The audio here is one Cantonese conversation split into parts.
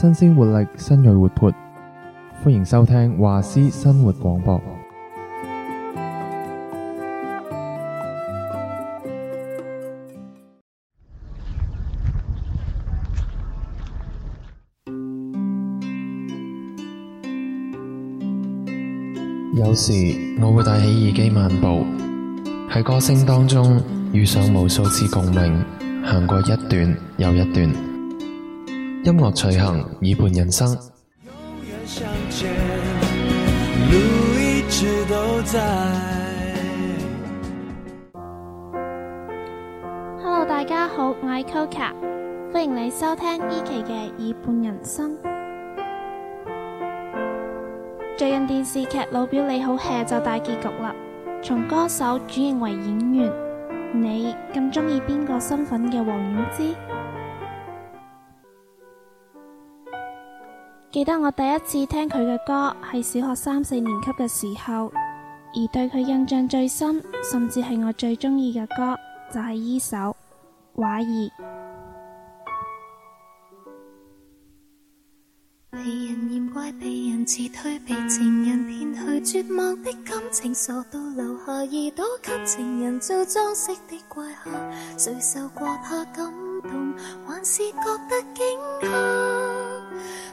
新鮮活力，新銳活潑，歡迎收聽華師生活廣播。有時我會戴起耳機漫步，喺歌聲當中遇上無數次共鳴，行過一段又一段。音樂隨行，耳畔人生。Hello，大家好，我係 KOKA，歡迎你收聽依期嘅耳畔人生。最近電視劇《老表你好 hea》就大結局啦，從歌手轉型為演員，你更鍾意邊個身份嘅王菀之？記得我第一次聽佢嘅歌係小學三四年級嘅時候，而對佢印象最深，甚至係我最鍾意嘅歌就係、是、呢首《畫意》。被人嫌怪，被人辭退，被情人騙去，絕望的感情傻到留下耳朵，而給情人做裝飾的怪客，誰受過他感動，還是覺得驚嚇？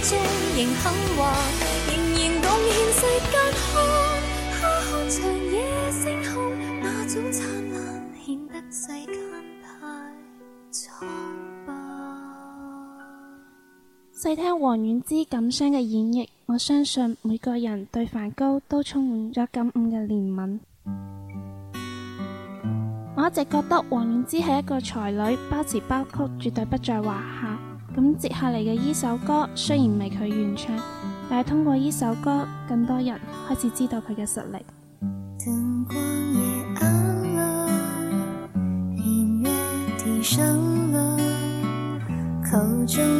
華仍然世世夜星空，那種燦爛顯得世間太蒼白。細聽王菀之感傷嘅演繹，我相信每個人對梵高都充滿咗感悟嘅憐憫。我一直覺得王菀之係一個才女，包詞包曲，絕對不在話下。咁接下嚟嘅呢首歌雖然唔係佢原唱，但係通過呢首歌，更多人開始知道佢嘅實力。燈光也暗了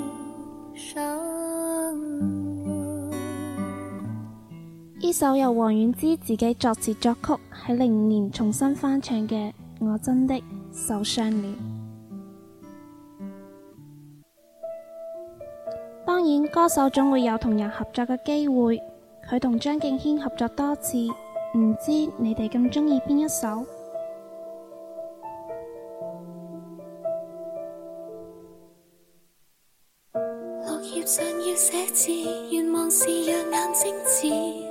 呢首由王菀之自己作詞作曲，喺零五年重新翻唱嘅《我真的受傷了》。當然，歌手總會有同人合作嘅機會，佢同張敬軒合作多次，唔知你哋更鍾意邊一首？落葉上要寫字，願望是讓眼睛字。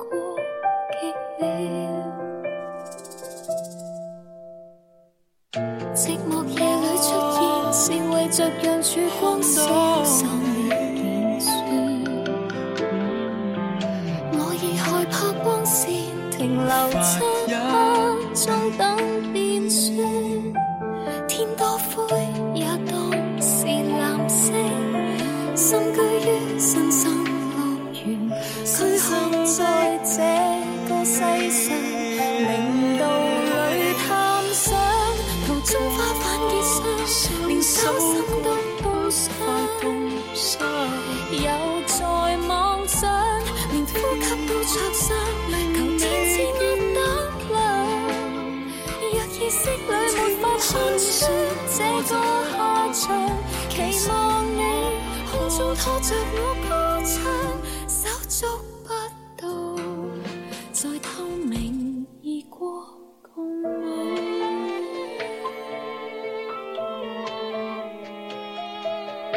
呢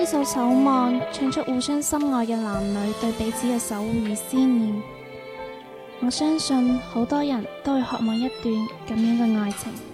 首《守望》唱出互相深愛嘅男女對彼此嘅守護與思念。我相信好多人都會渴望一段咁樣嘅愛情。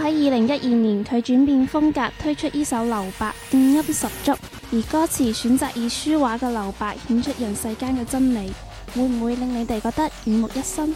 喺二零一二年，佢轉變風格，推出呢首《留白》，電音十足，而歌詞選擇以書畫嘅留白，顯出人世間嘅真理，會唔會令你哋覺得耳目一新？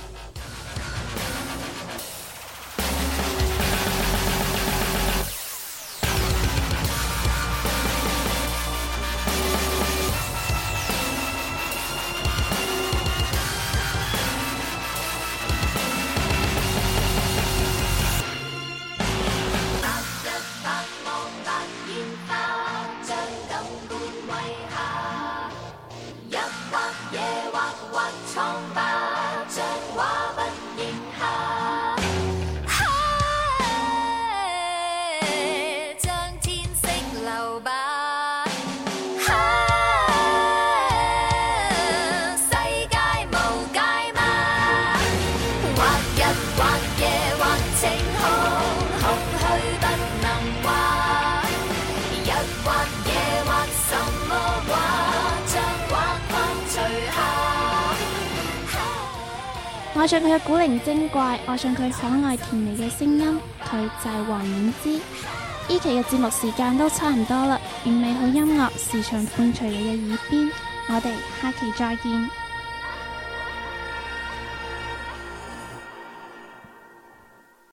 愛上佢嘅古靈精怪，愛上佢可愛甜美嘅聲音，佢就係王菀之。呢期嘅節目時間都差唔多啦，願美好音樂時常伴隨你嘅耳邊，我哋下期再見。